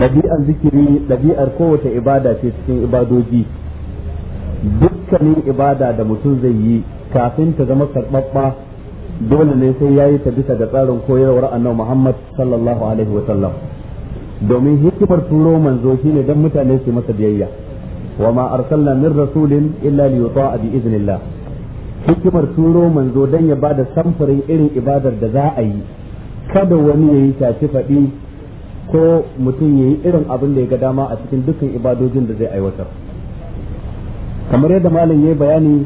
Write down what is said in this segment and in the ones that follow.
ɗabi'ar zikiri ɗabi'ar kowace ibada ce cikin ibadoji dukkanin ibada da mutum zai yi kafin ta zama karɓaɓɓa dole ne sai ya yi ta bisa ga tsarin koyarwar annabi Muhammad sallallahu alaihi wa sallam domin hikimar turo manzo shine dan mutane su masa biyayya wa ma arsalna min rasulin illa li yuta'a bi idnillah hikimar turo manzo dan ya bada samfurin irin ibadar da za a yi kada wani ya yi tafi faɗi ko mutum ya yi irin abin da ya ga dama a cikin dukkan ibadojin da zai aiwatar kamar yadda malam ya yi bayani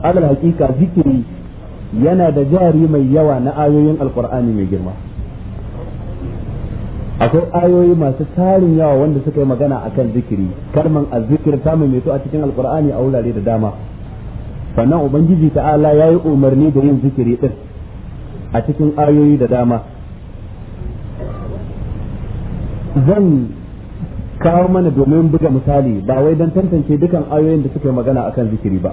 alal hakika zikiri yana da jari mai yawa na ayoyin alkur'ani mai girma akwai ayoyi masu tarin yawa wanda suka yi magana akan zikiri kalman azzikir ta mai a cikin alkur'ani a wurare da dama sannan ubangiji ta'ala ya yi umarni da yin zikiri din a cikin ayoyi da dama zan kawo mana domin buga misali ba wai don tantance dukan ayoyin da suka yi magana akan zikiri ba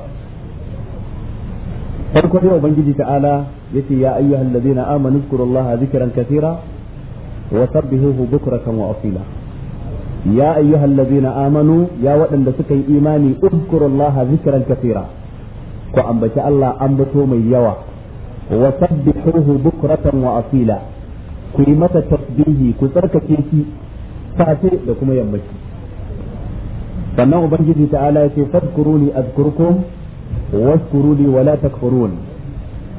farko dai ubangiji ta'ala yace ya ayyuhal ladina amanu zkurullaha zikran katira wa sabbihuhu bukratan wa asila ya ayyuhal ladina amanu ya wadanda suka yi imani zkurullaha zikran katira ku ambaci Allah ambato mai yawa wa sabbihuhu bukratan wa asila ku yi masa tasbihi ku tsarkake shi safe da kuma yammaci sannan ubangiji ta'ala ya ce fadkuruni azkurkum washkuruni wala takfurun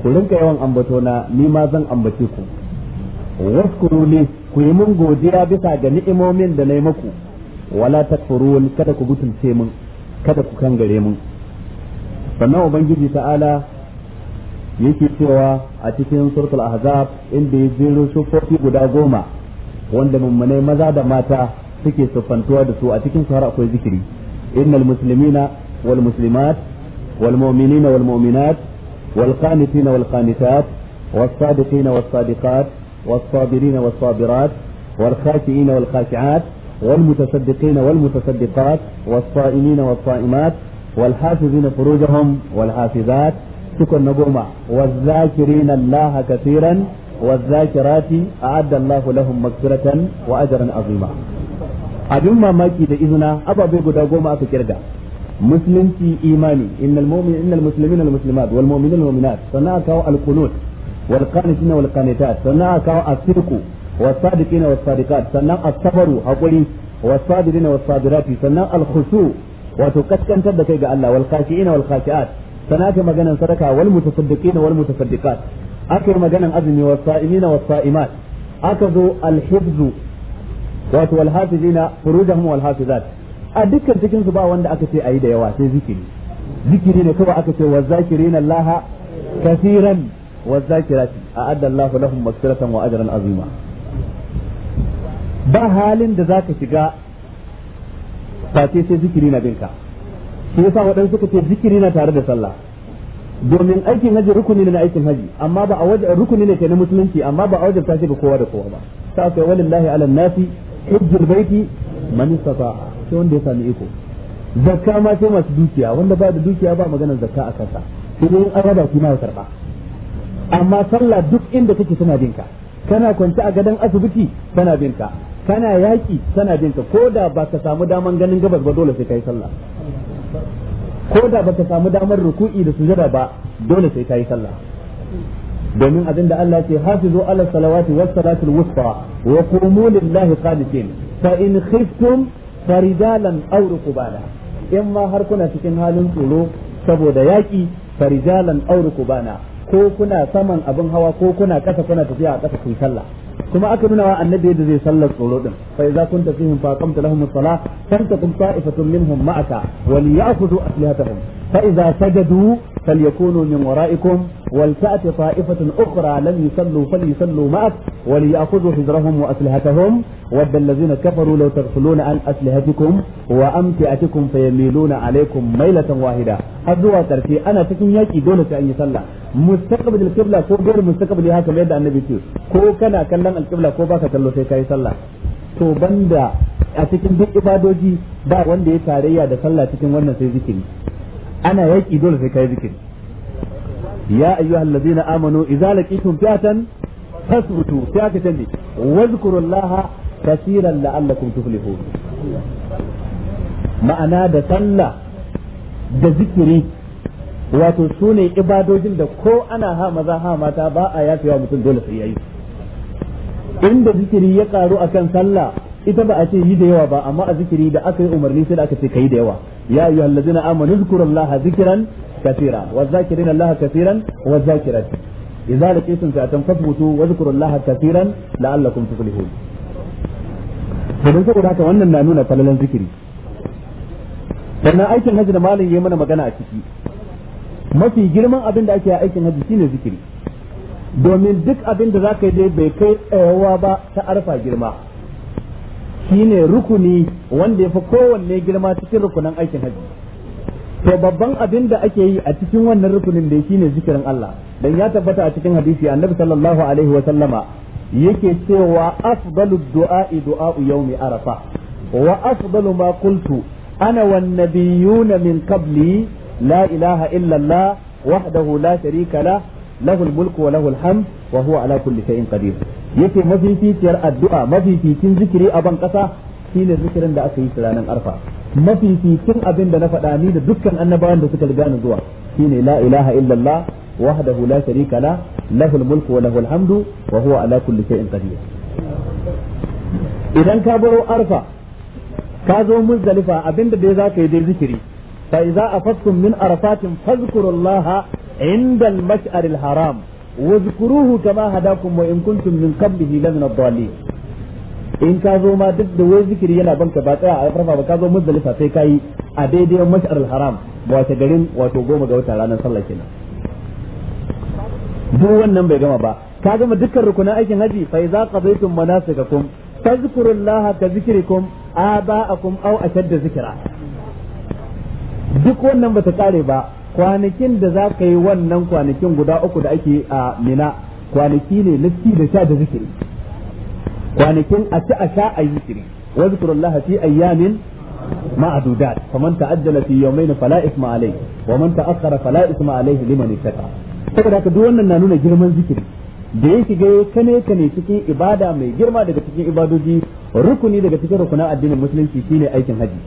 ku rinka yawan ambato na ni ma zan ambace ku washkuruni ku yi mun godiya bisa ga ni'imomin da na yi muku wala takfurun kada ku gutunce mun kada ku kangare mun sannan ubangiji ta'ala yake cewa a cikin suratul ahzab inda ya jero shufofi guda goma wanda mummune maza da mata suke siffantuwa da su a cikin su har akwai zikiri innal muslimina wal muslimat wal mu'minina wal mu'minat wal qanitina wal qanitat was sadiqina was sadiqat was sabirina was sabirat wal khashiina wal khashiat wal wal mutasaddiqat was sa'imat wal والصائمين furujahum wal hafizat والحافظات تكون wal والذاكرين allaha katiran والذاكرات أعد الله لهم مغفرة وأجرا عظيما abin mamaki da izina ababe guda goma aka kirga musulunci imani innal mu'min innal muslimina wal muslimat wal mu'minina wal mu'minat sannan aka kawo al qunut wal qanitina wal qanitat sannan aka kawo asirku was sadiqina was sadiqat sannan as-sabru hakuri was sabirina was sabirati al wato kaskantar da kai ga Allah wal khashiina wal aka yi maganan azumi wa sa'imina wa sa'imat aka zo al-hifzu wato al-hafizina furujahum wal hafizat a dukkan cikin su ba wanda aka ce ayi da yawa sai zikiri zikiri ne kawai aka ce wa zakirina Allah kaseeran wa zakirati a'adda Allah lahum maghfiratan wa ajran azima ba halin da zaka shiga face sai zikiri na binka shi sa waɗansu suka ce zikiri na tare da sallah domin aikin haji rukuni ne na aikin haji amma ba a wajen rukuni ne kai na musulunci amma ba a wajen ta ga kowa da kowa ba ta aka lahi ala nasi hujjul baiti man istata'a sai wanda ya sami iko zakka ma sai masu dukiya wanda ba da dukiya ba maganar zakka a kansa idan an raba shi ma ya karɓa. amma sallah duk inda kake tana ka. kana kwance a gadon asibiti tana binka kana yaƙi tana binka ko da ba ka samu daman ganin gabas ba dole sai ka yi sallah ko da baka samu damar ruku'i da sujada ba dole sai yi sallah domin abin da Allah ce hafizu ala salawati was salati al wusta wa qumu lillahi qanitin fa in khiftum farijalan aw rukbana in ma har kuna cikin halin tsoro saboda yaki farijalan aw rukbana ko kuna saman abin hawa ko kuna kasa kuna tafiya a kasa kun sallah kuma aka nuna wa annabi yadda zai sallar tsoro din fa idza kunta fihim fa qamta lahum as-salah faltaqum ta'ifatun minhum ma'aka wa liya'khudhu aslihatahum fa idza sajadu falyakunu min wara'ikum ولتأتي طائفة أخرى لم يصلوا فليصلوا معك وليأخذوا حذرهم وأسلحتهم ود الذين كفروا لو تغفلون عن أسلحتكم وأمتعتكم فيميلون عليكم ميلة واحدة أدوا ترتي أنا تكن يكي دولة أن يصلى مستقبل القبلة كو غير مستقبل هكذا يدعى النبي كو كان كلام القبلة كو باكا كلو سيكا يصلى to banda a cikin duk ibadoji ba wanda ya tarayya da sallah cikin wannan sai zikiri ana yaki dole sai kai zikiri ya ayyuhal ladina amanu idza laqitum fi'atan fasbutu sai aka canji wazkurullaha kasiran la'allakum tuflihun ma'ana da sallah da zikiri wato su ne ibadojin da ko ana ha maza ha mata ba a yafewa mutum dole sai yayi inda zikiri ya karu akan sallah ita ba a ce yi da yawa ba amma a zikiri da aka yi umarni sai da aka ce kai da yawa ya ayyuha allazina amanu zkurullaha zikran katira wa zakirina allaha katiran wa zakirat idza laqitum fa'atan fathbutu wa zkurullaha katiran la'allakum tuflihun dan saboda haka wannan na nuna falalan zikiri sannan aikin hajji da malam yayi mana magana a ciki mafi girman abin da ake aikin hajji shine zikiri domin duk abin da zaka yi dai bai kai tsayawa ba ta arfa girma shine rukuni wanda ya fi kowanne girma cikin rukunan aikin hajji to babban abin da ake yi a cikin wannan rukunin da shine zikirin Allah dan ya tabbata a cikin hadisi annabi sallallahu alaihi wa sallama yake cewa afdalu du'a du'a yawmi arafa wa afdalu ma qultu ana wan nabiyuna min qabli la ilaha illa Allah wahdahu la sharika lah lahu mulku wa lahu al-hamd wa huwa ala kulli shay'in qadir yace mafificiyar addu'a mafificin zikiri a ban kasa shine zikirin da aka yi shi ranar arfa mafificin abin da na faɗa ni da dukkan annabawan da suka riga ni zuwa shine la ilaha illallah wahdahu la sharika la lahul mulku wa lahul hamdu wa huwa ala kulli shay'in qadir idan ka baro arfa ka zo muzdalifa abinda dai zaka yi dai zikiri fa idza afattum min arafatin fadhkurullaha inda al-mash'ar haram واذكروه كما هداكم وان كنتم من قبله لمن الضالين in ka zo ma duk da wai zikiri yana banka ba tsaya a farfa ba ka zo muzdalifa sai ka yi a daidai mashar haram wace garin wato goma ga wata ranar sallah kenan duk wannan bai gama ba ka gama dukkan rukunan aikin haji fa iza qadaytum manasikakum fadhkurullaha ka zikrikum aba'akum aw ashadda zikra duk wannan bata kare ba kwanakin da za ka yi wannan kwanakin guda uku da ake a mina kwanaki ne na ci da sha da zikiri kwanakin a ci a sha a yi zikiri wa zikrullaha fi ayyamin ma'dudat faman ta'ajjala fi yawmayn fala isma alayhi wa man ta'akhkhara fala isma alayhi liman ittaqa saboda haka duk wannan na nuna girman zikiri da yake ga kane kane cikin ibada mai girma daga cikin ibadoji rukuni daga cikin rukunan addinin musulunci shine aikin haji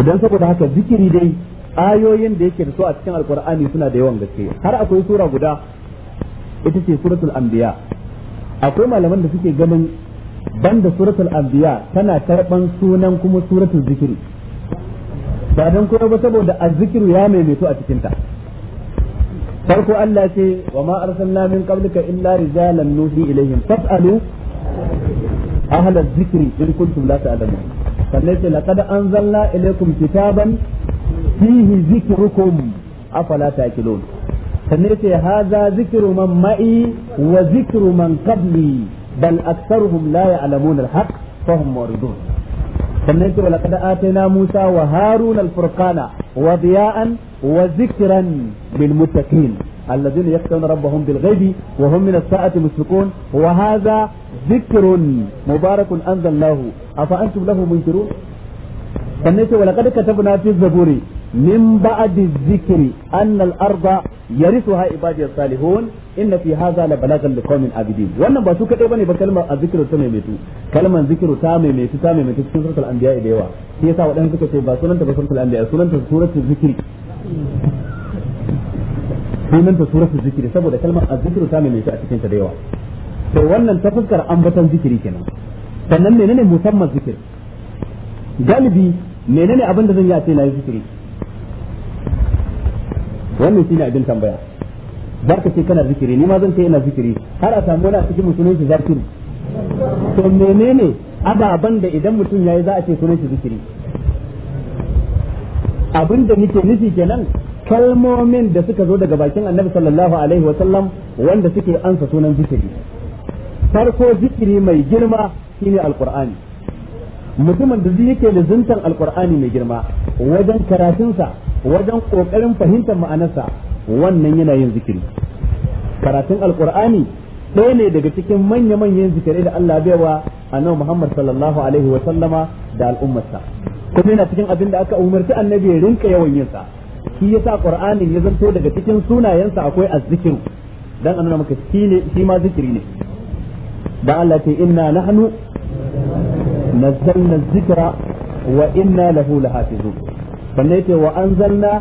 Idan saboda haka zikiri dai ayoyin da yake da su a cikin alkur'ani suna da yawan gaske har akwai sura guda ita ce suratul anbiya akwai malaman da suke ganin banda suratul anbiya tana karban sunan kuma suratul zikiri ba dan kuma ba saboda azzikiru ya maimaito a cikin ta farko Allah ce wa ma arsalna min qablika illa rijalan nuhi ilaihim fas'alu ahla zikri in kuntum la ta'lamun sannan ce laqad anzalna ilaykum kitaban fihi zikrukum afala taqilun sannan yace hadha zikru man ma'i wa zikru man qabli bal aktharuhum la ya'lamun al-haq fa hum muridun sannan yace wala qad atayna Musa wa Harun al-furqana wa diya'an wa zikran lil muttaqin الذين يخشون ربهم بالغيب وهم من الساعة مشفقون وهذا ذكر مبارك أنزلناه أفأنتم له منكرون sannan ce walakad katabna fi من بعد الذكر أن الأرض يرثها عبادي الصالحون إن في هذا لبلاغا لقوم عابدين وأنا بسوك تبني بكلمة الذكر تميميتو كلمة الذكر تميميتو تميميتو في سورة الأنبياء ديوا هي ساعة وأنا كنت تبا سورة سورة الأنبياء سورة سورة الذكر sunanta suratul zikiri saboda kalmar azzikiru ta mai a cikin ta da yawa to wannan ta fuskar ambaton zikiri kenan sannan menene musamman zikir galibi menene abin da zan yi a ce na yi zikiri wannan shine abin tambaya za ka ce kana zikiri ni ma zan ce ina zikiri har a samu wani a cikin musulunci zarkiri to menene ababan da idan mutum ya yi za a ce sunan shi zikiri abin da nake nufi kenan kalmomin da suka zo daga bakin annabi sallallahu alaihi wa sallam wanda suke ansa sunan zikiri farko zikiri mai girma shine alqur'ani mutumin da zai yake lizuntan alqur'ani mai girma wajen karatunsa wajen kokarin fahimtar ma'anarsa wannan yana yin zikiri karatun alƙur'ani ɗaya ne daga cikin manya-manyan zikirai da Allah baiwa annabi Muhammad sallallahu alaihi wa sallama da al'ummarsa kuma yana cikin abin da aka umarci annabi ya rinka yawan yinsa sa shi yasa qur'anin ya zanto daga cikin sunayensa akwai azzikiru dan annuna maka shi ne shi ma zikiri ne da Allah ce inna nahnu nazzalna dhikra wa inna lahu lahafizun sannan yace wa anzalna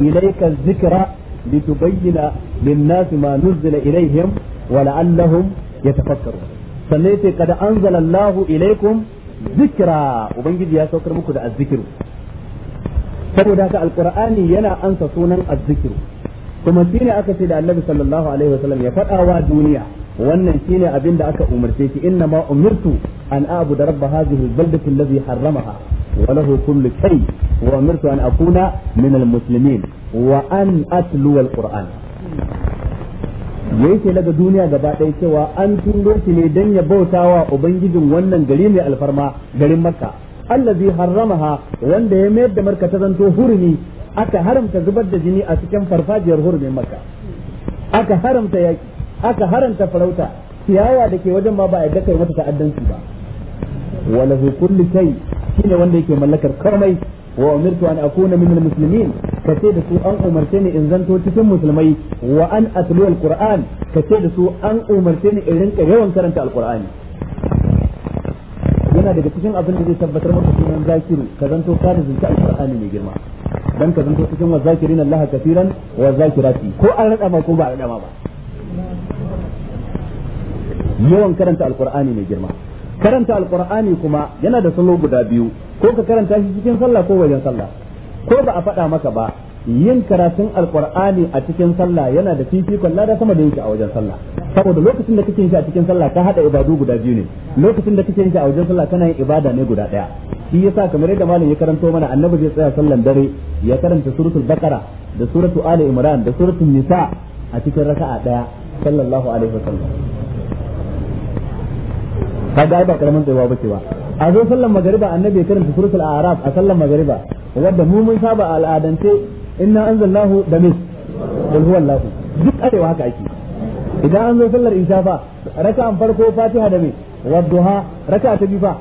ilayka dhikra litubayyana lin-nasi ma nuzila ilayhim wa la'allahum yatafakkarun sannan yace kad anzala Allahu ilaykum zikira ubangiji ya saukar muku da azzikiru saboda haka alqur'ani yana ansa sunan azzikiru kuma shine aka ce da Annabi sallallahu alaihi wasallam ya faɗawa wa duniya wannan shine abin da aka umarce shi inna ma umirtu an a'budu rabb hadhihi al-baldati allazi harramaha wa lahu kullu shay وأمرت أن أكون من المسلمين وأن أتلو القرآن yace daga duniya gaba ɗaya cewa an turo shi ne dan ya bauta wa ubangijin wannan gari mai alfarma garin makka allazi harramaha wanda ya mayar da marka ta zanto hurumi aka haramta zubar da jini a cikin farfajiyar hurmin makka aka haramta yaki aka haramta farauta ciyawa da ke wajen ma ba a yadda kai mata ta'addanci ba wala fi kulli shay shine wanda yake mallakar komai wa umirtu an akuna min almuslimin kace da su an umarce ni in zanto cikin musulmai wa an atlu alquran kace da su an umarce ni in rinka yawan karanta alqurani yana daga cikin abin da zai tabbatar maka sunan zakiru ka zanto ka da zunta alqurani mai girma dan ka zanto cikin wazakirin Allah kafiran wa zakirati ko an rada ma ko ba a rada ma ba yawan karanta alqurani mai girma karanta alqurani kuma yana da salo guda biyu ko ka karanta shi cikin sallah ko wajen sallah ko ba a faɗa maka ba yin karatun alkur'ani a cikin sallah yana da fifikon lada sama da yake a wajen sallah saboda lokacin da kake yin shi a cikin sallah ka hada ibadu guda biyu ne lokacin da kake yin shi a wajen sallah kana yin ibada ne guda daya shi yasa kamar yadda malam ya karanto mana annabi zai tsaya sallan dare ya karanta suratul baqara da suratul ali imran da suratul nisa a cikin raka'a daya sallallahu alaihi wasallam kaga ba karaman tsayawa bace ba a zo sallan magariba annabi ya karanta suratul a'raf a sallan magariba wanda mu mun saba al'adance inna anzalnahu da mis qul huwallahu duk arewa haka ake idan an zo sallar isha fa an farko fatiha da me wadduha raka'a ta biyu fa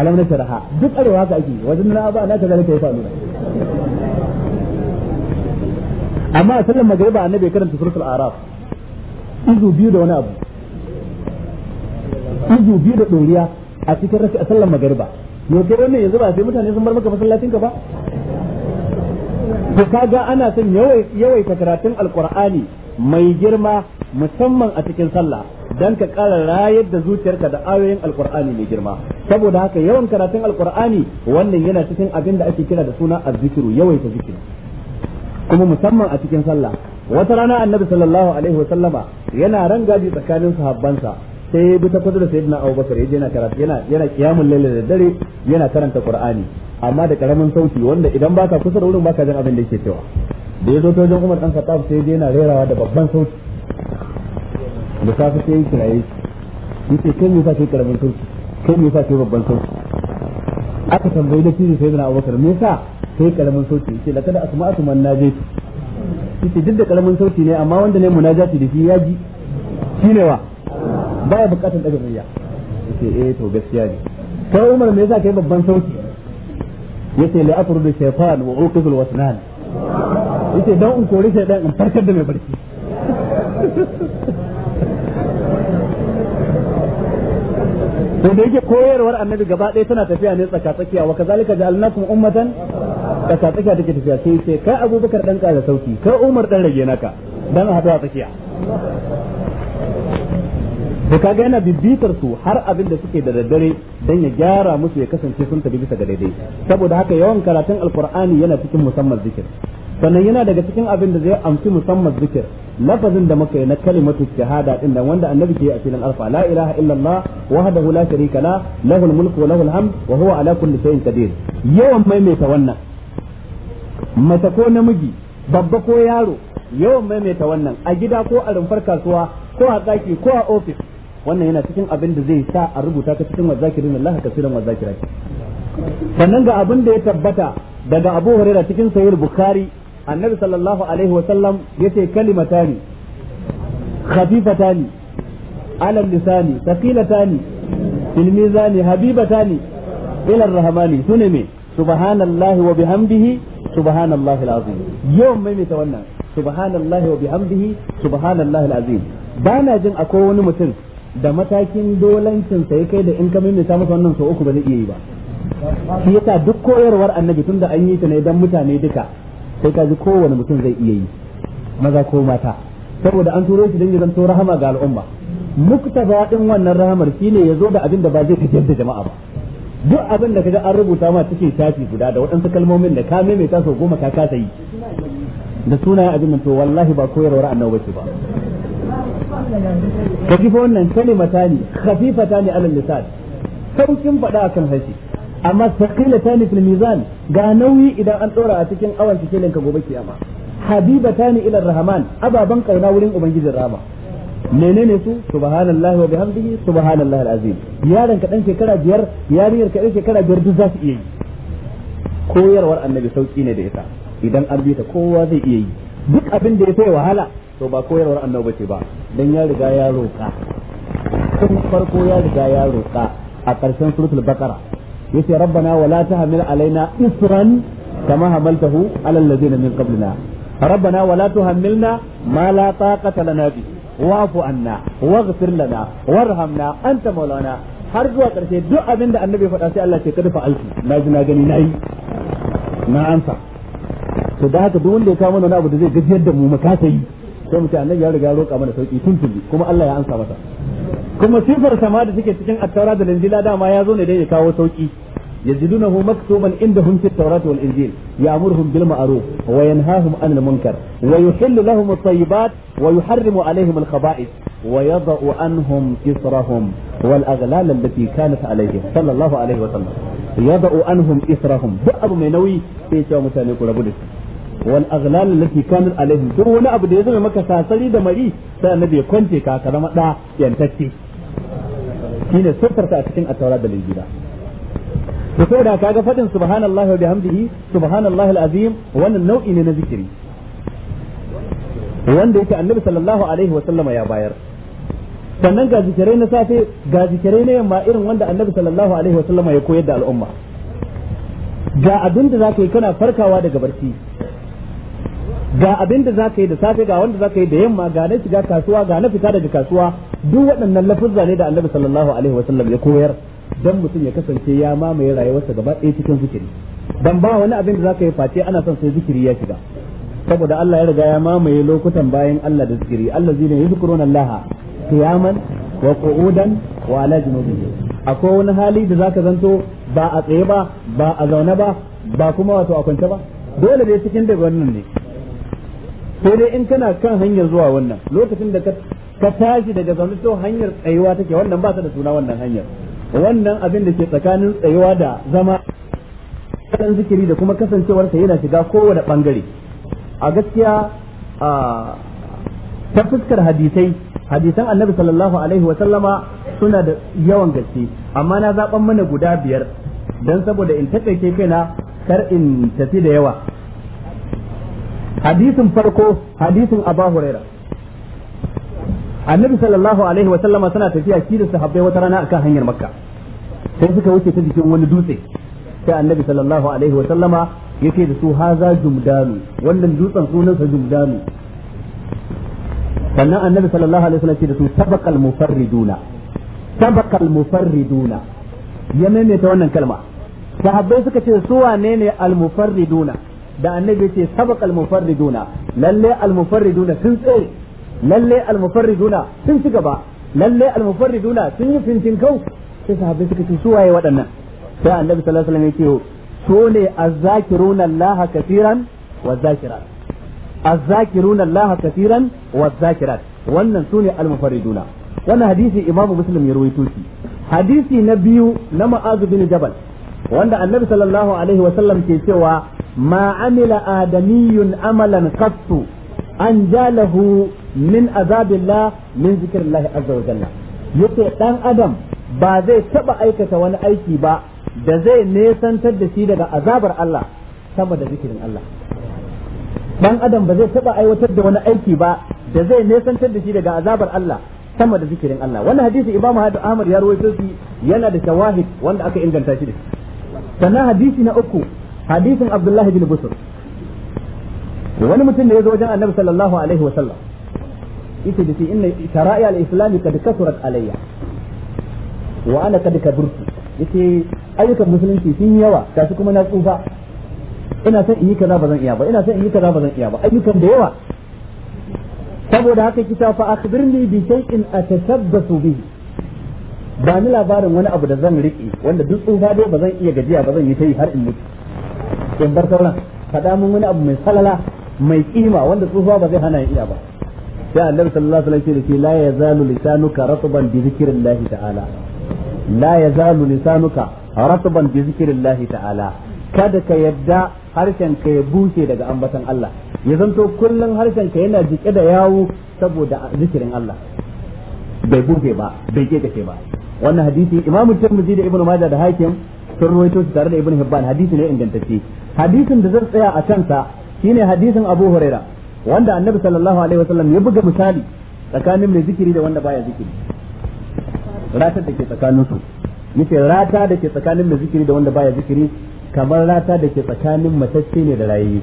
alam nasraha duk arewa haka ake wajen na ba na kazalika ya faɗo amma a sallar magariba annabi ya karanta suratul a'raf izu biyu da wani abu izu biyu da ɗoriya a cikin rashi a sallar magariba yau sai wannan yanzu ba sai mutane sun bar maka masallacin ka ba to kaga ana son yawaita karatun alqur'ani mai girma musamman a cikin sallah dan ka kara rayar da zuciyarka da ayoyin alqur'ani mai girma saboda haka yawan karatun alqur'ani wannan yana cikin abin da ake kira da suna yawai yawaita zikiri kuma musamman a cikin sallah wata rana annabi sallallahu alaihi wasallama yana rangaji tsakanin sahabbansa sai bi ta kusa da na Abubakar yaje yana karatu yana yana kiyamul layl da dare yana karanta Qur'ani amma da karamin sauti wanda idan baka kusa da wurin baka jin abin da yake cewa da ya ta wajen Umar dan Khattab sai yaje yana rerawa da babban sauti da safe sai ya kiraye yace kai me yasa kai karamin sauti kai me yasa babban sauti aka tambayi da sai sayyidina Abubakar me yasa kai karamin sauti yace lakada asma'atu man najaitu yace duk da karamin sauti ne amma wanda ne munajati da shi ya ji shine wa baya bukatar daga murya yace eh to gaskiya ne kai Umar me yasa kai babban sauki yace la afrudu shaytan wa uqizul wasnan yace dan in kore shaytan in farkar da mai barki to da yake koyarwar annabi gaba ɗaya tana tafiya ne tsaka tsakiya wa kazalika ja'alnakum ummatan tsaka tsakiya take tafiya sai sai kai Abubakar dan ƙara sauki kai Umar dan rage naka dan haɗu a tsakiya da kaga yana bibitar su har abin da suke da daddare dan ya gyara musu ya kasance sun tafi bisa ga daidai saboda haka yawan karatun alqur'ani yana cikin musamman zikir sannan yana daga cikin abin da zai amfi musamman zikir lafazin da muka yi na kalimatu shahada din nan wanda annabi ke a cikin alfa la ilaha illallah wahdahu la sharika la lahul mulku wa lahul hamd wa huwa ala kulli shay'in qadir yawan maimaita wannan mace ko namiji babba ko yaro yawan maimaita wannan a gida ko a rumfar kasuwa ko a tsaki ko a ofis wannan yana cikin abin da zai sa a rubuta ka cikin wazakirin Allah kasiran wazakira sannan ga abin da ya tabbata daga Abu Hurairah cikin sahih Bukhari annabi sallallahu alaihi wa sallam yace kalimatani khafifatani ala lisani thaqilatani fil mizani habibatani ila ar-rahmani sune me subhanallahi wa bihamdihi subhanallahi al-azim yau mai mai ta wannan subhanallahi wa bihamdihi subhanallahi al-azim ba na jin akwai wani mutum da matakin dolancin sai kai da in ka mimita masa wannan sau uku ba zai iya yi ba shi yasa duk koyarwar annabi tun da an yi ta ne dan mutane duka sai ka ji kowane mutum zai iya yi maza ko mata saboda an turo shi dan ya zanto rahama ga al'umma muktaba din wannan rahamar shine ya zo da abin da ba zai kaje da jama'a ba duk abin da kaga an rubuta ma cikin tafi guda da waɗansu kalmomin da ka maimaita sau goma ka kasa da sunayen abin nan to wallahi ba koyarwar annabi ba kafi fa wannan kalimata ne khafifata ne alal lisan saukin faɗa akan harshe amma thaqilata ne fil mizan ga nauyi idan an dora a cikin awan cikin ka gobe kiyama habibata ne ila rahman ababan kauna wurin ubangijin rama menene su subhanallahi wa bihamdihi subhanallahi alazim yaron ka dan shekara biyar yarinyar ka dan shekara biyar duk za su iya yi koyarwar annabi sauki ne da ita idan an bi ta kowa zai iya yi duk abin da ya saya wahala to ba koyarwar annabi ce ba dan ya riga ya roƙa tun farko ya riga ya roƙa a ƙarshen suratul baqara yace rabbana wala tahmil alaina isran kama hamaltahu ala alladhina min qablina rabbana wala tuhammilna ma la taqata lana bihi wa'fu anna waghfir lana warhamna anta maulana har zuwa karshe duk abin da annabi faɗa sai Allah ce ka dafa alfi na ji na gani na yi na ansa to da haka duk wanda ya kawo mana wani abu da zai gajiyar da mu mu kasa yi sai mu annabi ya riga roƙa mana sauki tuntuni kuma Allah ya ansa masa kuma sifar sama da take cikin attaura da linjila dama ya zo ne dai ya kawo sauki yajidunahu maktuban indahum fit tawrat wal injil ya'muruhum bil ma'ruf wa yanhahum 'anil munkar wa yuhillu lahum at-tayyibat wa yuharrimu 'alayhim al-khaba'ith wa yad'u 'anhum israhum wal aghlal allati kanat 'alayhim sallallahu alayhi wa sallam yad'u 'anhum israhum duk abu mai nauyi sai ya ce mutane ku rabu da shi wal aghlal allati kanat duk wani abu da ya zama maka sasari da mari sai na ya kwance ka ka zama da yantacce shine siffarta a cikin at da injila to saboda kaga fadin subhanallahi wa bihamdihi subhanallahi al wannan nau'i ne na zikiri wanda yake annabi sallallahu alaihi wa sallama ya bayar sannan ga zikirai na safe ga zikirai na yamma irin wanda annabi sallallahu alaihi wa sallama ya koyar da al'umma ga abin da zaka yi kana farkawa daga barci ga abin da zaka yi da safe ga wanda zaka yi da yamma ga na shiga kasuwa ga na fita daga kasuwa duk waɗannan lafuzza ne da Annabi sallallahu alaihi wasallam ya koyar dan mutum ya kasance ya mamaye rayuwarsa gaba ɗaya cikin zikiri dan ba wani abin da zaka yi face ana son sai zikiri ya shiga saboda Allah ya riga ya mamaye lokutan bayan Allah da zikiri allazina yadhkuruna Allah qiyaman wa qu'udan wa ala junubihim akwai wani hali da zaka zanto ba a tsaye ba ba a zaune ba ba kuma wato a kwance ba dole dai cikin daga wannan ne sai dai in kana kan hanyar zuwa wannan lokacin da ka tashi daga zaune to hanyar tsayuwa take wannan ba ta da suna wannan hanyar wannan abin da ke tsakanin tsayuwa da zama kan zikiri da kuma kasancewar kasancewarsa yana shiga kowane bangare a gaskiya a ta fuskar hadisai hadisan annabi sallallahu alaihi wa sallama suna da yawan gaske amma na zaban mana guda biyar dan saboda in kai kaina kar in tafi da yawa hadisin farko hadisin Abu Huraira annabi sallallahu alaihi wa sallama suna tafiya shi da wata rana akan hanyar maka. sai suka wuce ta jikin wani dutse sai annabi sallallahu alaihi wa sallama yake da su haza jumdanu wannan dutsen sunansa jumdanu sannan annabi sallallahu alaihi wasallam ce da su tabaqal mufarriduna tabaqal mufarriduna ya wannan kalma sahabbai suka ce su wane ne da annabi ce sabaq al mufarriduna lalle al mufarriduna sun tsere lalle al mufarriduna sun ci gaba lalle al mufarriduna sun yi fintin kau sai sahabbai suka ce su waye waɗannan sai annabi sallallahu alaihi wasallam ya ce su ne azzakiruna allaha kaseeran wa zakirat azzakiruna allaha kaseeran wa zakirat wannan su ne al mufarriduna wannan hadisi imamu muslim ya rawaito shi hadisi na biyu na ma'azu bin jabal wanda annabi sallallahu alaihi wasallam ke cewa ما عمل adamiyun amalan قط an jalahu min azabillah min zikrillah azza wa jalla yace dan adam ba zai taba aikata wani aiki ba da zai nesantar da shi daga azabar Allah sama da zikirin Allah dan adam ba zai taba aiwatar da wani aiki ba da zai nesantar da shi daga azabar Allah sama da zikirin Allah wannan hadisi Imam Ahmad ya rawaito shi yana da shawahid wanda aka inganta shi da hadisi na uku hadisin abdullahi bin busur wani mutum ne ya zo wajen annabi sallallahu alaihi wa sallam yace da shi inna shara'i al-islam kad kasurat alayya wa ana kad kaburtu yace ayyukan musulunci sun yi yawa gashi kuma na tsufa ina son in yi kaza ba zan iya ba ina son in yi kaza ba zan iya ba ayyukan da yawa saboda haka kita fa akhbirni bi shay'in atashabbasu bihi ba ni labarin wani abu da zan riƙe wanda duk tsufa dai ba zan iya gajiya ba zan yi ta yi har in mutu in bar sauran faɗa mun wani abu mai salala mai kima wanda tsufa ba zai hana iya ba sai annabi sallallahu alaihi wasallam ce la yazalu lisanuka ratban bi zikrillahi ta'ala la yazalu lisanuka ratban bi zikrillahi ta'ala kada ka yadda harshen ka ya bushe daga ambatan Allah ya zanto kullun harshen ka yana jike da yawo saboda zikirin Allah bai bufe ba bai ke ba wannan hadisi imamu tirmidhi da ibnu majah da hakim sun ruwaito shi tare da ibnu hibban hadisi ne ingantacce hadisin da zai tsaya a kansa shine hadisin abu huraira wanda annabi sallallahu alaihi wasallam ya buga misali tsakanin mai zikiri da wanda baya zikiri Rata da ke tsakanin su yace rata da ke tsakanin mai zikiri da wanda baya zikiri kamar rata da ke tsakanin matacce ne da rayayye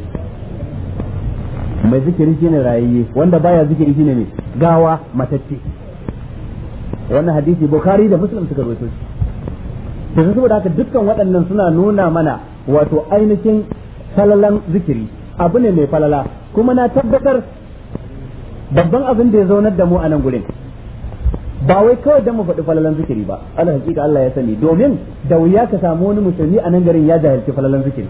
mai zikiri shine rayayye wanda baya zikiri shine ne gawa matacce wannan hadisi bukari da muslim suka rawaito shi to saboda haka dukkan waɗannan suna nuna mana wato ainihin falalan zikiri abu ne mai falala kuma na tabbatar babban abin da ya zaunar da mu a nan gurin ba wai kawai dan mu faɗi falalan zikiri ba ala hakika Allah ya sani domin da wuya ka samu wani musulmi a nan garin ya jahilci falalan zikiri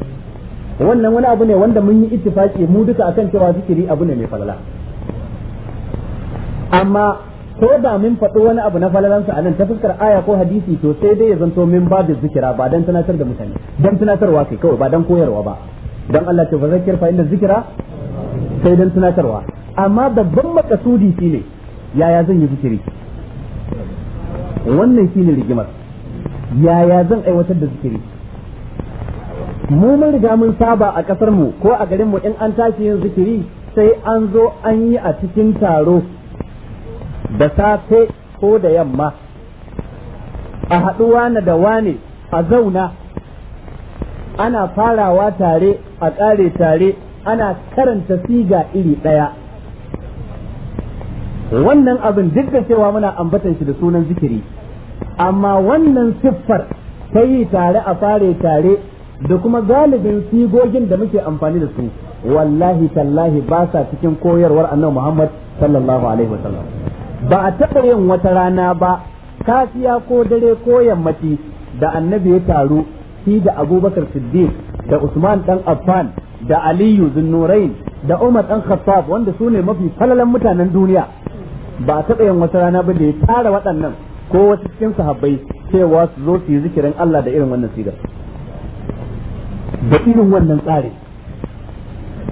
wannan wani abu ne wanda mun yi ittifaki mu duka akan cewa zikiri abu ne mai falala amma ko da min faɗo wani abu na falalansu a nan ta fuskar aya ko hadisi to sai dai ya zanto min da zikira ba dan tunatar da mutane dan tunatarwa kai kawai ba dan koyarwa ba dan Allah ce fa zakir fa inda zikira sai dan tunatarwa amma babban makasudi shine yaya zan yi zikiri wannan shine rigimar yaya zan aiwatar da zikiri mu mun riga mun saba a kasar mu ko a garin mu in an tashi yin zikiri sai an zo an yi a cikin taro da safe ko da yamma a haɗu wane da wane a zauna ana farawa tare a ƙare tare ana karanta siga iri ɗaya wannan abin duk da cewa muna ambatan shi da sunan zikiri amma wannan siffar ta yi tare a fare tare da kuma galibin sigogin da muke amfani da su wallahi tallahi ba sa cikin koyarwar annabi Muhammad sallallahu alaihi wasallam ba a taɓa yin wata rana ba safiya ko dare ko yammaci da annabi ya taru shi da abubakar siddiq da usman ɗan affan da aliyu zunnurain da umar ɗan khattab wanda su ne mafi falalan mutanen duniya ba a taɓa yin wata rana ba da ya tara waɗannan ko wasu cikin sahabbai cewa su zo su yi zikirin Allah da irin wannan sigar da irin wannan tsari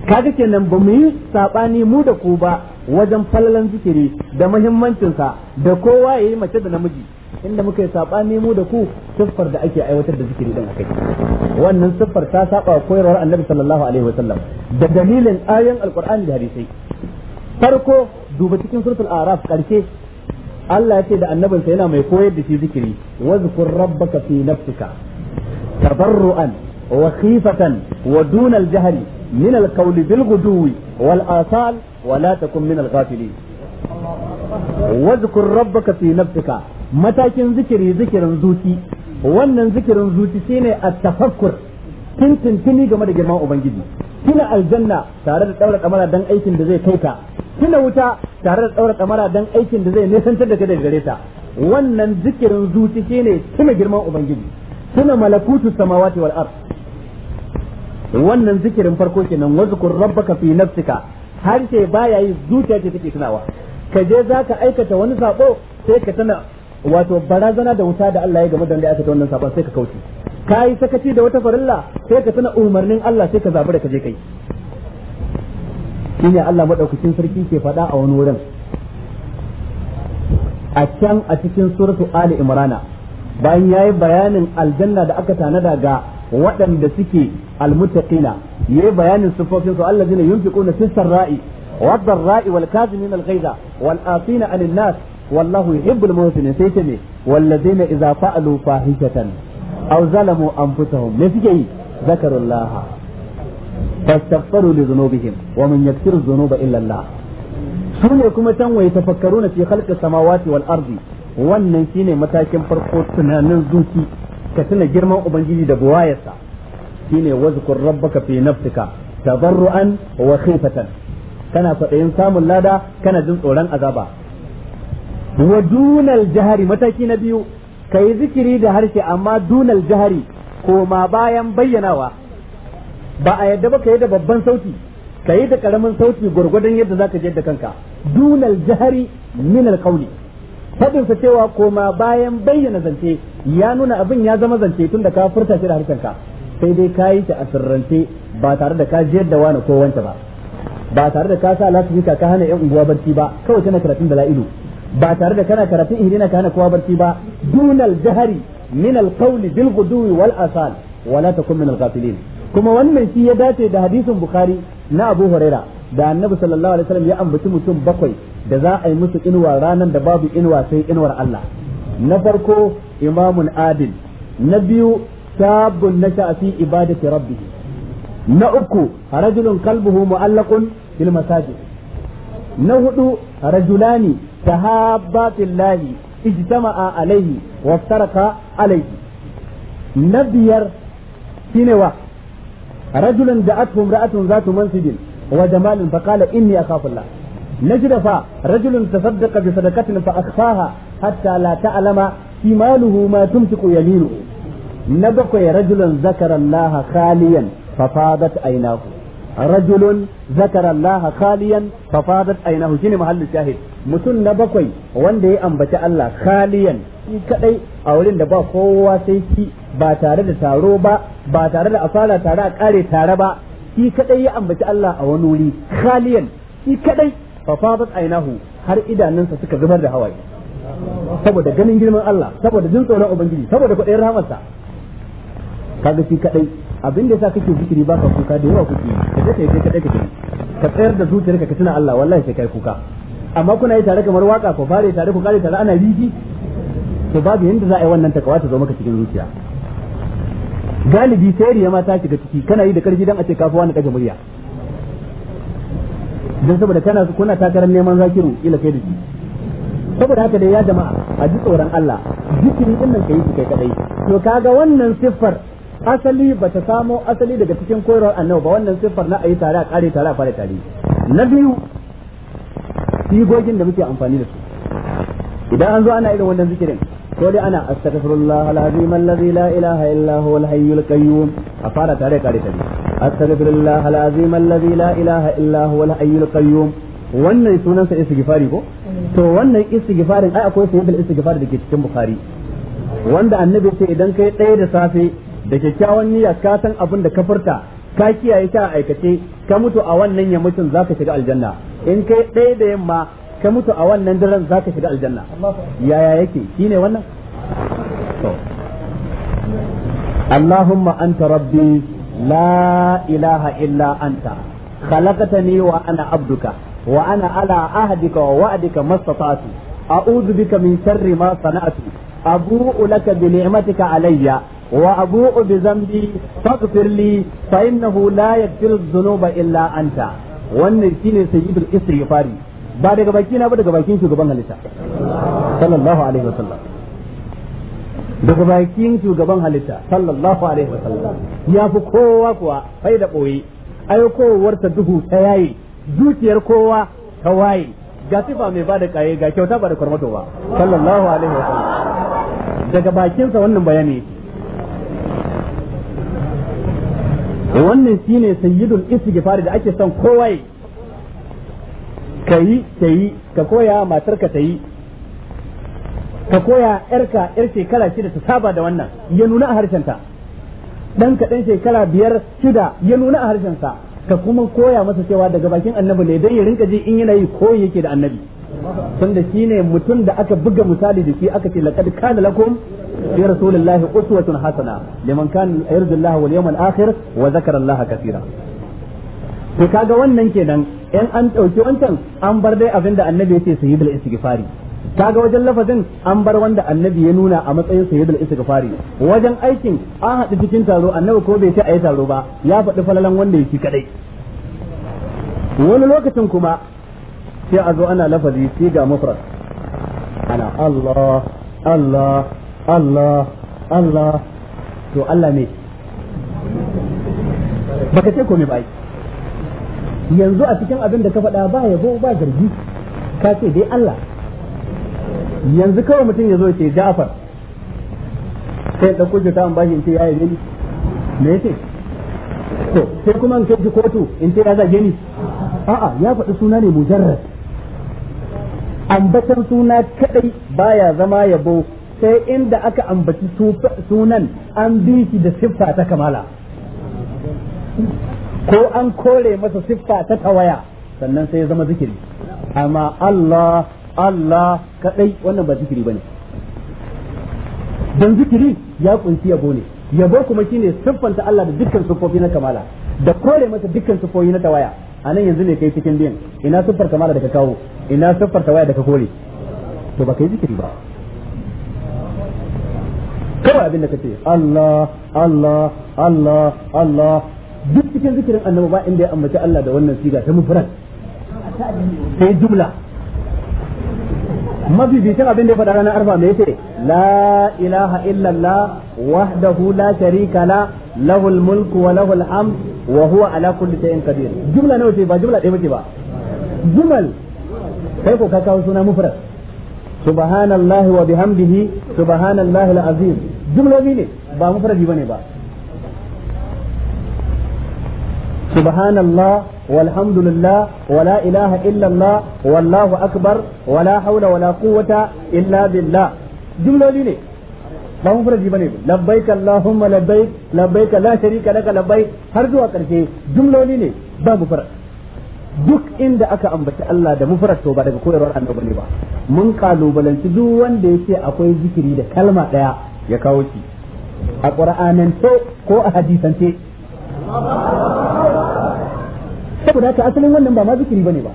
kaga kenan ba mu yi saɓani mu da ku ba wajen falalan zikiri da muhimmancinsa da kowa yayi mace da namiji inda muka yi sabani mu da ku siffar da ake aiwatar da zikiri din akai wannan siffar ta saba koyarwar annabi sallallahu alaihi wasallam da dalilin ayoyin alqur'ani da hadisai farko duba cikin suratul araf karshe Allah ya ce da annabinsa yana mai koyar da shi zikiri wazkur rabbaka fi nafsika tabarru'an wa khifatan wa dunal jahri min al-qawli bil ghuduwi wal asal wala takun minal ghafilin wazkur rabbaka fi nafsika matakin zikiri zikirin zuci wannan zikirin zuci shine at-tafakkur tintintini game da girman ubangiji tuna aljanna tare da daura kamara dan aikin da zai kai ka tuna wuta tare da daura kamara dan aikin da zai nisantar da kai daga gare ta wannan zikirin zuci shine tuna girman ubangiji tuna malakutu samawati wal ard wannan zikirin farko kenan wazkur rabbaka fi nafsika har ba baya yi zuciya ce take tunawa ka je za ka aikata wani sabo sai ka tana wato barazana da wuta da Allah ya game da aikata wannan sabon sai ka kauce ka yi sakaci da wata farilla sai ka tana umarnin Allah sai ka zabi da ka je kai shine Allah madaukakin sarki ke faɗa a wani wurin a can a cikin suratu Ali Imrana bayan yayi bayanin aljanna da aka tanada ga waɗanda suke almuttaqina yayi bayanin sufofin su allazina yunfiquna fis sarra'i wad dharra'i wal kazimin al ghaiza wal afina anil nas wallahu yuhibbul muhsinin sai ce me wallazina idza fa'alu fahishatan aw zalamu anfusahum me suke yi zakarullaha fastaghfiru li dhunubihim wa man yaghfiru dhunuba illa Allah sune kuma tan waye tafakkaruna fi khalqis samawati wal ardi wannan shine matakin farko tunanin zuci ka tuna girman ubangiji da buwayarsa shine wazkur rabbaka fi nafsika tadarruan wa khifatan kana kwaɗayin samun lada kana jin tsoron azaba wa dunal jahari mataki na biyu kai zikiri da harshe amma dunal jahari koma bayan bayyanawa ba a yadda ba ka yi da babban sauti ka da karamin sauti gwargwadon yadda za ka je da kanka dunal jahari min alqawli fadin cewa koma bayan bayyana zance ya nuna abin ya zama zance tun da ka furta shi da ka. sai dai ka yi ta a sirrance ba tare da ka jiyar da wani ko wanta ba ba tare da ka sa lafiya ka hana yan unguwa barci ba kawai kana karatun la'ilu ba tare da kana karatun ihdina ka hana kowa barci ba dunal jahari min alqawli bil ghudwi wal asal wala takun min ghafilin kuma wannan shi ya dace da hadisin bukhari na abu huraira da annabi sallallahu alaihi wasallam ya ambaci mutum bakwai da za a yi musu inuwa ranar da babu inuwa sai inuwar Allah na farko imamun adil na biyu sabun na ibada ibadati rabbi na uku rajulun kalbuhu mu'allaqun bil masajid na hudu rajulani tahabba fillahi ijtama'a alaihi wa taraka alaihi na biyar shine wa rajulun atum ra'atun zatu mansibin wa jamalin faqala inni akhafullah نجد فرجل تصدق بصدقة فأخفاها حتى لا تعلم شماله ما تمسك يمينه نبقي رجل ذكر الله خاليا ففاضت عيناه رجل ذكر الله خاليا ففاضت عيناه شنو محل الشاهد mutum na bakwai wanda ya ambaci Allah khaliyan shi kadai a wurin da ba kowa sai shi ba tare da taro ba ba tare da asara tare a kare tare ba shi kadai ya ambaci Allah a wani wuri khaliyan shi kadai fa fadat ainahu har idanunsa suka zubar da hawaye saboda ganin girman Allah saboda jin tsoron ubangiji saboda kuɗin rahamarsa kaga shi kadai abin da yasa kake zikiri baka kuka da yawa kuke ka je kai kai kadai kake ka tsayar da zuciyarka ka tuna Allah wallahi sai kai kuka amma kuna yi tare kamar waka ko bare tare ku kare tare ana riji to babu yanda za a yi wannan takawa ta zo maka cikin zuciya galibi sai riya mata ta shiga ciki kana yi da karfi dan a ce kafuwa wani kaje murya don saboda kana kuna takarar neman zakiru ila kai da shi saboda haka dai ya jama'a a ji tsoron Allah zikiri din nan kai kai kadai to kaga wannan siffar asali ba ta samo asali daga cikin koyarwar annabi ba wannan siffar na ayi tare a kare tare a fara tare na biyu sigogin da muke amfani da su idan an zo ana irin wannan zikirin ko dai ana astaghfirullah alazim alladhi la ilaha illa huwa alhayyul qayyum a fara tare kare ta astaghfirullah alazim alladhi la ilaha illa huwa alhayyul qayyum wannan sunansa istighfari ko to wannan istighfarin ai akwai sayyidul istighfar da ke cikin bukhari wanda annabi ce idan kai ɗaya da safe da kyakkyawan niyya ka san abin da ka furta ka kiyaye ta aikace ka mutu a wannan yammacin zaka shiga aljanna in kai ɗaya da yamma ka mutu a wannan daren za ka shiga aljanna yaya yake shi ne wannan allahumma anta rabbi la ilaha illa anta khalaqtani wa ana abduka wa ana ala ahdika wa wa'dika mastata'tu a'udhu bika min sharri ma sana'tu abu'u laka bi ni'matika alayya wa abu'u bi dhanbi faghfir li fa innahu la yaghfiru dhunuba illa anta wannan shine sayyidul istighfari ba daga baki na ba daga bakin shugaban halitta sallallahu alaihi wasallam daga bakin shugaban halitta sallallahu alaihi wasallam ya fi kowa kuwa fai da boye aikowar ta duhu ta yayi zuciyar kowa ta waye ga sifa mai bada kaye ga kyauta ba da kwarmato ba sallallahu alaihi wasallam daga bakinsa wannan bayani eh, wannan shine sayyidul istighfar da ake son kowa yi ka yi ta yi ka koya matarka ta yi ka koya yarka yar shekara shida ta saba da wannan ya nuna a ta. dan ka dan shekara biyar shida ya nuna a harshen sa ka kuma koya masa cewa daga bakin annabi ne dan ya rinka ji in yana yi koyi yake da annabi tunda shine mutum da aka buga misali da shi aka ce laqad kana lakum fi rasulillahi uswatun hasana liman kana yarju Allah wal yawmal akhir wa zakara Allah kaseera to kaga wannan kenan in an ɗauki wancan an bar dai abin da annabi ya ce sayyidul istighfari kaga wajen lafazin an bar wanda annabi ya nuna a matsayin sayyidul istighfari wajen aikin an haɗu cikin taro annabi ko bai ce a yi taro ba ya faɗi falalan wanda ya ci kadai wani lokacin kuma sai a zo ana lafazi sai ga mufrad ana Allah Allah Allah Allah to Allah ne baka ce komai ba yanzu a cikin abin da ka faɗa ba yabo ba zargi ka ce dai Allah yanzu kawai mutum ya zo ce Ja'far sai da kuje ta an bashi in ce yi ne me yake to sai kuma in kai kotu in ce ya zage ni a'a ya faɗi suna ne mujarrad ambatan suna kadai baya zama yabo sai inda aka ambaci sunan an bi shi da siffa ta kamala ko an kore masa siffa ta tawaya sannan sai ya zama zikiri amma Allah Allah kadai wannan ba zikiri bane dan zikiri ya kunshi yabo ne yabo kuma shine siffanta Allah da dukkan siffofi na kamala da kore masa dukkan siffofi na tawaya anan yanzu ne kai cikin biyan ina siffar kamala da ka kawo ina siffar tawaya da ka kore to ba kai zikiri ba kawai abin da kace Allah Allah Allah Allah duk cikin zikirin annabi ba inda ya ambaci Allah da wannan siga ta mufrad sai jumla Mafi mafificin abin da ya faɗa ranar arfa mai ce la ilaha illallah wahdahu la sharika la lahul mulku wa lahul hamd wa huwa ala kulli shay'in qadir jumla nawa ce ba jumla ɗaya ce ba jumal kai ko ka kawo suna mufrad subhanallahi wa bihamdihi subhanallahi alazim jumloli ne ba mufradi bane ba سبحان الله والحمد لله ولا إله إلا الله والله أكبر ولا حول ولا قوة إلا بالله جملة لي ba mu faraji bane labbaik allahumma labbaik labbaik la sharika laka labbaik har zuwa karshe jumloli ne ba mu fara duk inda aka ambaci Allah da mufarar to ba daga koyarwar annabi ne ba mun kalubalanci duk wanda yake akwai zikiri da kalma daya ya kawo shi a qur'anance ko a hadisance saboda haka asalin wannan ba ma zikiri bane ba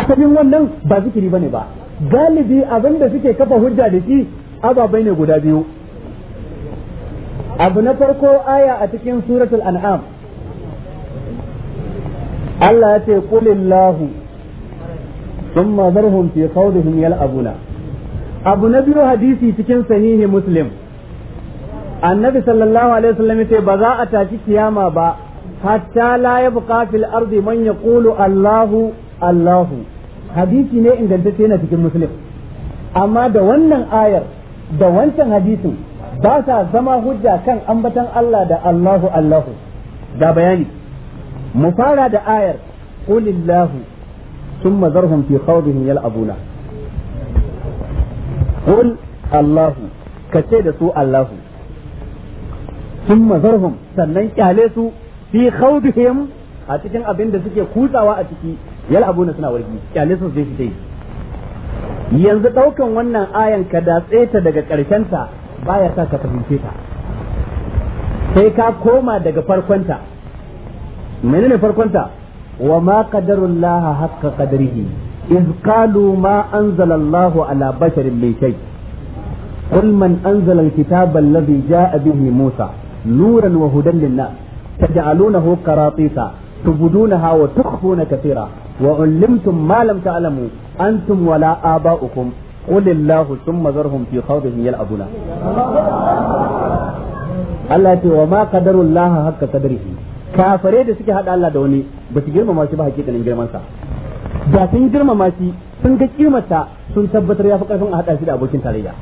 asalin wannan ba zikiri bane ba galibi abinda suke kafa hujja da shi ababai ne guda biyu abu na farko aya a cikin suratul an'am Allah ya ce kulillahu thumma zarhum fi khawdihim yal'abuna abu na biyu hadisi cikin sahihi muslim annabi sallallahu alaihi wasallam ce ba za a tashi kiyama ba hatta la yabqa fil ardi Allahu Allahu hadisi ne ingantacce na cikin muslim amma da wannan ayar da wancan hadisin ba sa zama hujja kan ambatan Allah da Allahu Allahu da bayani mu fara da ayar qulillahu thumma zarhum fi khawdihim yal'abuna qul Allahu kace da su Allahu thumma zarhum sannan kyale su fi khawdihim a cikin abin da suke kutsawa a ciki yal'abuna suna wargi kyale su sai sai yanzu daukan wannan ayan ka datse ta daga karshen ta baya sa ka fahimce ta sai ka koma daga farkonta menene farkonta wa ma qadarullaha haqqa qadrihi iz qalu ma anzalallahu ala basharin min shay قل من أنزل الكتاب الذي جاء به موسى نورا وهدى للناس تجعلونه قراطيس تبدونها وتخفون كثيرا وعلمتم ما لم تعلموا أنتم ولا آباؤكم قل الله ثم ذرهم في خوضهم يلعبون Allah ya ce wa ma qadarullah kafare da suke hada Allah da wani ba su girmama shi ba hakikanin girman sa da sun girmama shi sun ga kimarsa sun tabbatar ya fi karfin a hada shi da abokin tarayya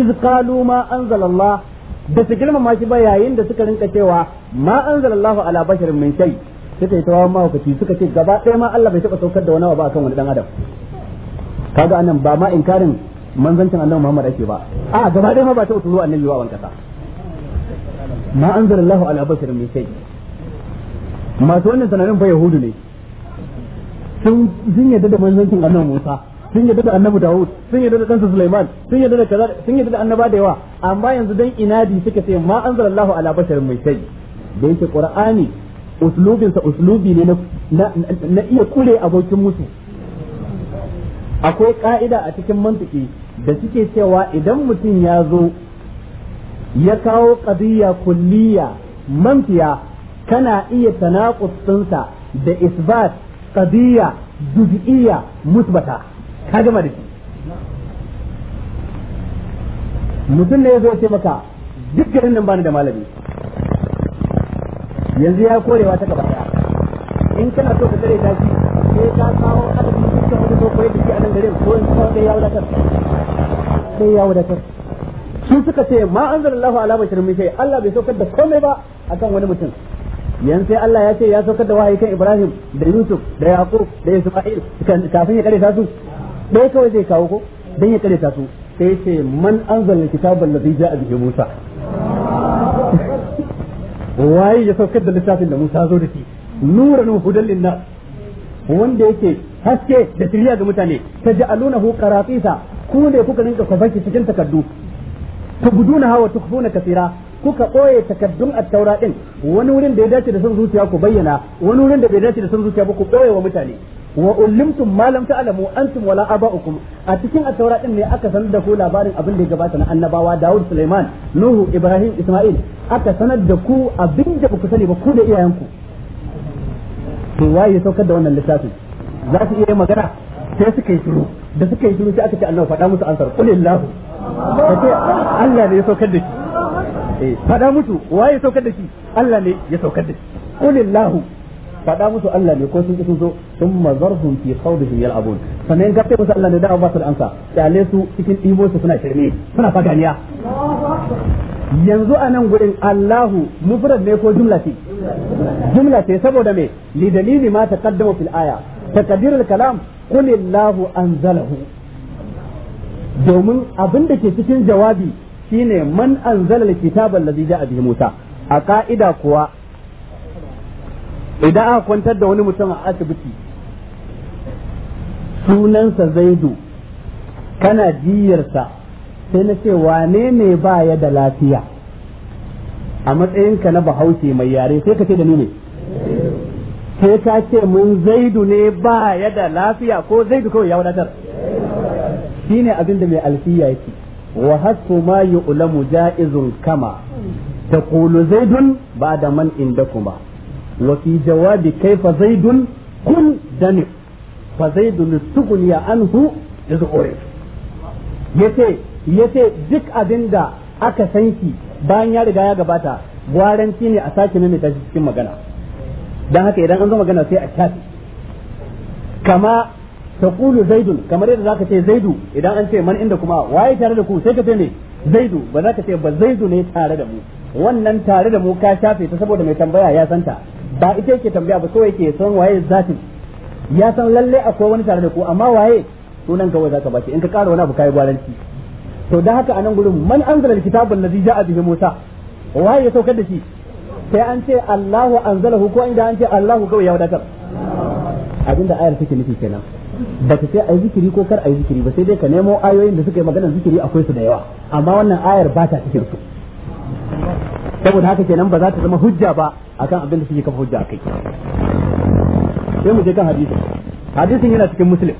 iz qalu ma anzalallah da su girmama shi ba yayin da suka rinka cewa ma anzalallahu ala basharin min shay suka yi ma mahaukaci suka ce gaba ɗaya ma Allah bai taɓa saukar da wani ba akan wani ɗan adam kaga anan ba ma inkarin manzancin Allah Muhammad ake ba a gaba ɗaya ma ba ta utulu annabi ba wanka ma Allah ala basharin min shay masu wannan sanarin fa yahudu ne sun sun yadda da manzancin annabi Musa sun yadda da annabi Dawud sun yadda da kansa Sulaiman sun yadda da kaza sun yadda da annaba da yawa amma yanzu dan inadi suka ce ma anzalallahu ala basharin min shay da yake qur'ani uslubinsa uslubi ne na iya kure abokin mutu akwai ka'ida a cikin mantiki da suke cewa idan mutum ya zo ya kawo qadiyya kulliya mantiya kana iya tanaqus sa da isbat qadiyya juz'iyya musbata ka gama da shi mutum ne ya zo ya ce maka duk garin nan bani da malami yanzu ya korewa ta gaba in kana so ka tare tashi sai ka kawo adadin dukkan wani ko koyar da shi a nan garin ko in kawo ya wadatar sai ya wadatar su suka ce ma anzalallahu ala bashar min shay Allah bai saukar da komai ba akan wani mutum yanzu sai Allah ya ce ya saukar da wahayi kan Ibrahim da Yusuf da Yaqub da Isma'il kafin ya kare su dai kawai zai kawo ko dan ya kare su sai ce man anzal kitabal ladhi ja'a bi Musa waye ya saukar da littafin da Musa zo da shi nuran hudan linnas wanda yake haske da shirya ga mutane ta hu qaratisa ku ne kuka rinka kwafanki cikin takaddu guduna hawa na kasira kuka ɓoye takaddun attaura din wani wurin da ya dace da san zuciya ku bayyana wani wurin da bai dace da san zuciya ba ku ɓoye wa mutane wa ulimtum ma lam ta'lamu antum wala aba'ukum a cikin at-taura din ne aka sanar da ku labarin abin da ya gabata na annabawa Dawud Sulaiman Nuhu Ibrahim Isma'il aka sanar da ku abin da ku sani ba ku da iyayenku to waye saukar da wannan littafin za su iya magana sai suka yi shiru da suka yi shiru sai aka ce annabi faɗa musu ansar kulillahu kace Allah ne ya saukar da shi eh faɗa musu waye saukar da shi Allah ne ya saukar da shi kulillahu faɗa musu Allah ne ko sun ki sun so sun mazarhum fi khawdihim yal'abun sannan ga musu Allah ne da ba su da amsa kyale su cikin ɗibo su suna shirme suna faganiya yanzu a nan gurin Allahu mufrad ne ko jumla ce jumla ce saboda me li dalili ma taqaddama fil aya takdirul kalam qul Allahu anzalahu domin abin da ke cikin jawabi shine man anzala alkitaba allazi ja'a bihi Musa a ka'ida kuwa idan aka kwantar da wani mutum a asibiti sunansa zaidu kana jiyarsa sai na ce wane ne ba ya da lafiya a matsayinka na bahaushe mai yare sai ka ce da ni ne sai ka ce mun zaidu ne ba ya da lafiya ko zaidu kawai ya wadatar shi ne abin da mai alfiya yake wa hasu ma ulamu ja'izun kama kulu zaidun ba da man inda kuma wa fi jawabi kaifa zaidun kun dani fa zaidun tughniya anhu yazuri yace yace duk da aka san bayan ya riga ya gabata gwaranci ne a sake nuna ta cikin magana dan haka idan an zo magana sai a shafi kama taqulu zaidun kamar yadda zaka ce zaidu idan an ce man inda kuma waye tare da ku sai ka ce zaidu ba za ka ce ba zaidu ne tare da mu wannan tare da mu ka shafe ta saboda mai tambaya ya santa ba ita yake tambaya ba kawai ke son waye zatin ya san lalle akwai wani tare da ku amma waye sunan kawai zaka baki in ka ƙara wani abu kai gwaranci to da haka anan gurin man anzala alkitabul ladzi ja'a bihi Musa waye ya saukar da shi sai an ce Allahu anzalahu ko inda an ce Allahu kawai ya wadatar abinda ayar take nufi kenan ba ka ce a yi zikiri ko kar a yi zikiri ba sai dai ka nemo ayoyin da suka yi maganar zikiri akwai su da yawa amma wannan ayar ba ta cikin su saboda haka kenan ba za ta zama hujja ba akan abin da suke kafa hujja akai sai mu je kan hadisi hadisin yana cikin muslim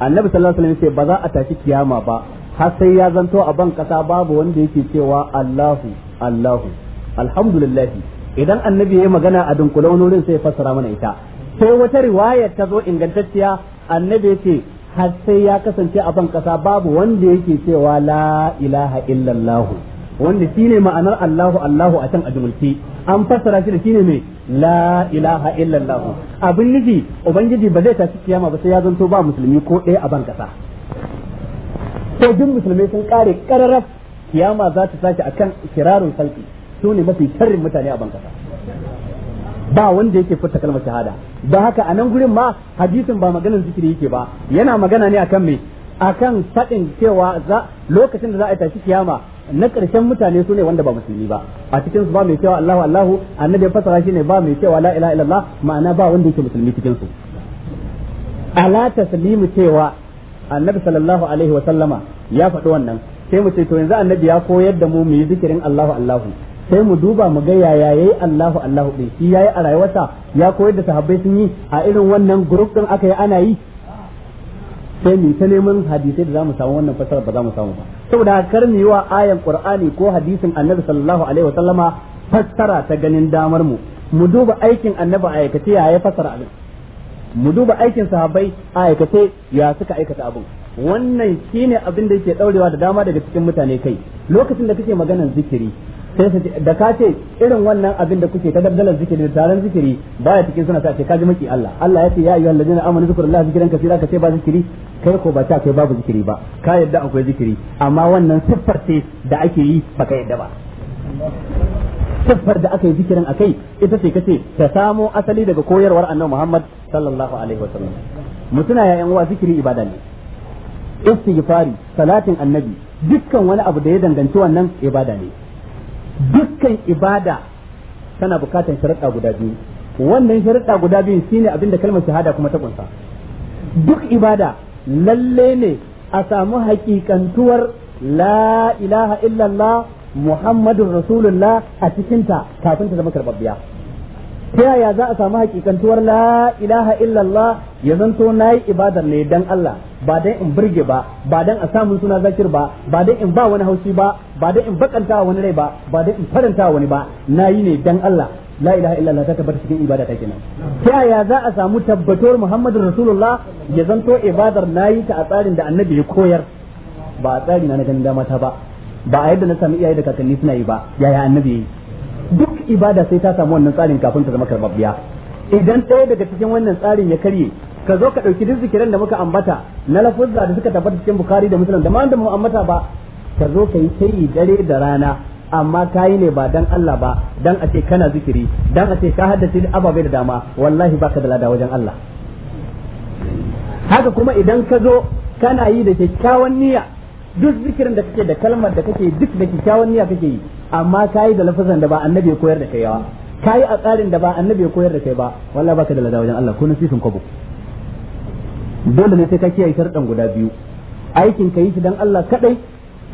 annabi sallallahu alaihi wasallam ba za a tashi kiyama ba har sai ya zanto a ban kasa babu wanda yake cewa Allahu Allahu alhamdulillah idan annabi yayi magana a dunkule wani wurin sai fassara mana ita sai wata riwaya ta zo ingantacciya annabi ce har sai ya kasance a ban kasa babu wanda yake cewa la ilaha illallah wanda shine ma'anar Allahu Allahu a can a jumulce an fassara shi da shine mai la ilaha illallah abin nufi ubangiji ba zai tashi kiyama ba sai ya zanto ba musulmi ko ɗaya a ban kasa to duk musulmai sun kare kararraf kiyama za ta a akan kirarun salki su ne mafi sharrin mutane a ban kasa ba wanda yake furta kalmar shahada don haka a nan gurin ma hadisin ba maganar zikiri yake ba yana magana ne akan me akan faɗin cewa za lokacin da za a tashi kiyama na karshen mutane su ne wanda ba musulmi ba a cikin su ba mai cewa Allahu Allahu annabi fasara shi ne ba mai cewa la ilaha illallah ma'ana ba wanda yake musulmi cikin su ala taslimu cewa annabi sallallahu alaihi wa sallama ya faɗi wannan sai mu ce to yanzu annabi ya koyar da mu mu yi zikirin Allahu Allahu sai mu duba mu ga yaya yayi Allahu Allahu din shi yayi a rayuwarsa ya koyar da sahabbai sun yi a irin wannan group din aka yi ana yi sai mu ta neman hadisai da zamu samu wannan fasara ba zamu samu ba saboda kar mu yi wa ayan Qur'ani ko hadisin Annabi sallallahu alaihi wasallama fassara ta ganin damar mu mu duba aikin Annabi a aikace yaya fassara abin mu duba aikin sahabbai a aikace ya suka aikata abin wannan shine abin da yake daurewa da dama daga cikin mutane kai lokacin da kake maganar zikiri sai su da ka ce irin wannan abin da kuke ta dabdalar zikiri da taron zikiri baya cikin suna ta ce kaji maki Allah Allah ya ce ya ayyuhal ladina amanu zikrullahi zikran kaseera ka ce ba zikiri kai ko ba ta kai babu zikiri ba ka yadda akwai zikiri amma wannan siffar ce da ake yi ba ka yadda ba siffar da aka yi zikirin a kai ita ce kace ta samo asali daga koyarwar annabi Muhammad sallallahu alaihi wasallam mutuna ya yan uwa zikiri ibada ne istighfari salatin annabi dukkan wani abu da ya danganci wannan ibada ne dukkan ibada tana bukatar sharaɗa guda biyu wannan sharaɗa guda biyu shine abin da kalmar shahada kuma ta kunsa duk ibada lalle ne a samu hakikantuwar la ilaha illallah muhammadun rasulullah a cikinta kafin ta zama biya. ta yaya za a samu hakikantuwar la ilaha illallah ya zanto na yi ibadar ne dan Allah ba dan in birge ba ba dan a samun suna zakir ba ba dan in ba wani haushi ba ba dan in bakanta wani rai ba ba dan in faranta wani ba na yi ne dan Allah la ilaha illallah ta tabbata cikin ibada ta kenan ta yaya za a samu tabbatuwar Muhammadu rasulullah ya zanto ibadar na yi ta a tsarin da annabi ya koyar ba a tsarin na ganin dama ta ba ba a yadda na sami iyaye da kakanni suna yi ba yaya annabi ya yi duk ibada sai ta samu wannan tsarin kafin ta zama karbabbiya idan ɗaya daga cikin wannan tsarin ya karye ka zo ka ɗauki duk zikiran da muka ambata na lafuzza da suka tabbata cikin bukari da musulun da ma da mu ambata ba ka zo ka yi tayi dare da rana amma ka yi ne ba dan Allah ba dan a ce kana zikiri dan a ce ka haddace ababe da dama wallahi baka da lada wajen Allah haka kuma idan ka zo kana yi da kyakkyawan niyya duk zikirin da kake da kalmar da kake duk da kikkiawan niyya kake yi amma kayi da lafazan da ba annabi ya koyar da kai ba kai a tsarin da ba annabi ya koyar da kai ba wallahi baka da lada wajen Allah ko nasifin kobo. dole ne sai ka kiyaye sharɗan guda biyu aikin ka yi shi dan Allah kadai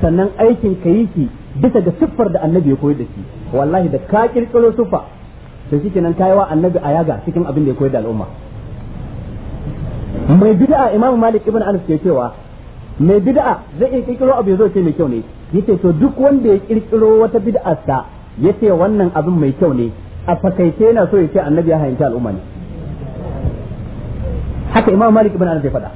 sannan aikin ka yi shi bisa ga siffar da annabi ya koyar da shi wallahi da ka kirkiro siffa to shikenan kayi wa annabi a yaga cikin abin da ya koyar da al'umma mai bid'a imam malik ibn anas ke cewa mai bid'a zai iya kirkiro abu ya yazo ce mai kyau ne yace to duk wanda ya kirkiro wata bid'ar sa yace wannan abin mai kyau ne a fakaice yana so yace annabi ya hayanta al'umma ne haka imam malik ibn anas ya faɗa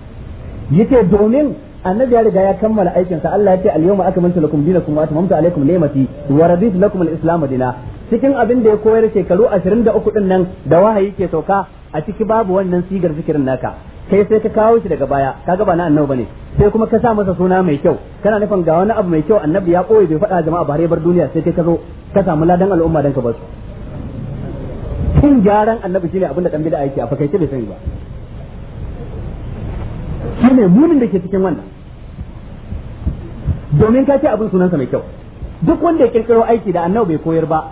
yace domin annabi ya riga ya kammala aikin sa Allah ya ce al-yawma akmaltu lakum dinakum wa atamamtu alaykum ni'mati wa raditu lakum al-islam dina cikin abin da ya koyar shekaru 23 din nan da wahayi ke sauka a ciki babu wannan sigar zikirin naka kai sai ka kawo shi daga baya kaga ba na annabi bane sai kuma ka sa masa suna mai kyau kana nufin ga wani abu mai kyau annabi ya koyi bai faɗa jama'a bare bar duniya sai kai ka zo ka samu ladan al'umma dan ka su kin gyaran annabi shine abin da dan bid'a yake a ce bai sani ba shine munin da ke cikin wannan domin ka ce abin sunansa mai kyau duk wanda ya kirkiro aiki da annabi bai koyar ba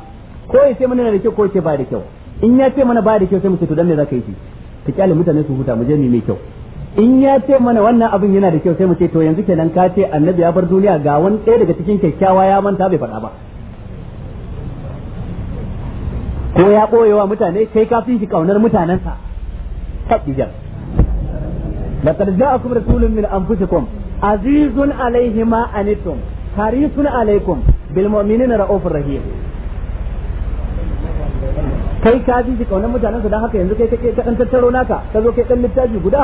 ko ya ce mana da kyau ko ya ce ba da kyau in ya ce mana ba da kyau sai mu ce to dan me zaka yi ka kyale mutane su huta mu je mai kyau in ya ce mana wannan abin yana da kyau sai mu ce to yanzu kenan ka ce annabi ya bar duniya ga wani ɗaya daga cikin kyakkyawa ya manta bai faɗa ba ko ya ɓoye wa mutane kai ka fi shi ƙaunar mutanensa kaɗijar لقد جاءكم رسول من أنفسكم عزيز عليه ما harisun alaikum عليكم بالمؤمنين رؤوف rahim kai ka ji ji kaunar su dan haka yanzu kai kake ta dan tattaro naka ka zo kai dan littafi guda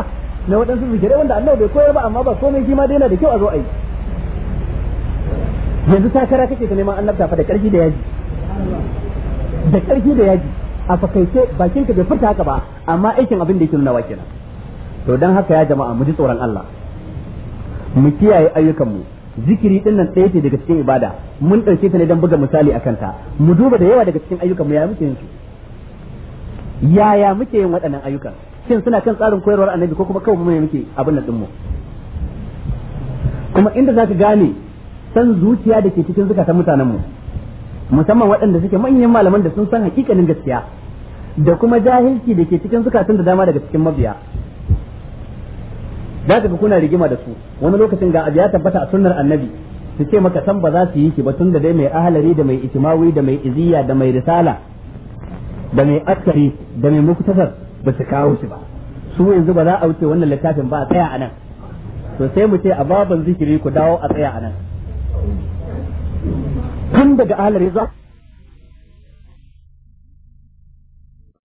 na waɗansu zikirai wanda Allah bai koyar ba amma ba komai shi ma dai yana da kyau a zo a yi yanzu takara kake ta neman Allah fa da ƙarfi da yaji da ƙarfi da yaji a fakaice bakin ka bai furta haka ba amma aikin abin da yake nuna kenan to dan haka ya jama'a mu ji tsoron Allah mu kiyaye ayyukan mu zikiri din nan tsaye daga cikin ibada mun ɗauke ta ne don buga misali a kanta mu duba da yawa daga cikin mu ya muke yin su yaya muke yin waɗannan ayyukan shin suna kan tsarin koyarwar annabi ko kuma kawai mu muke abin nan dinmu kuma inda zaka gane san zuciya da ke cikin zukatan mutanen mu musamman waɗanda suke manyan malaman da sun san hakikanin gaskiya da kuma jahilci da ke cikin zukatan da dama daga cikin mabiya za ka kuna rigima da su wani lokacin ga abiya tabbata a sunnar annabi su ce maka san ba za su yi ki ba tun da dai mai ahalari da mai itimawi da mai iziya da mai risala da mai askari da mai muktasar ba su kawo shi ba su yanzu ba za a wuce wannan littafin ba a tsaya a nan to sai mu ce a baban zikiri ku dawo a tsaya a nan kan daga alar ya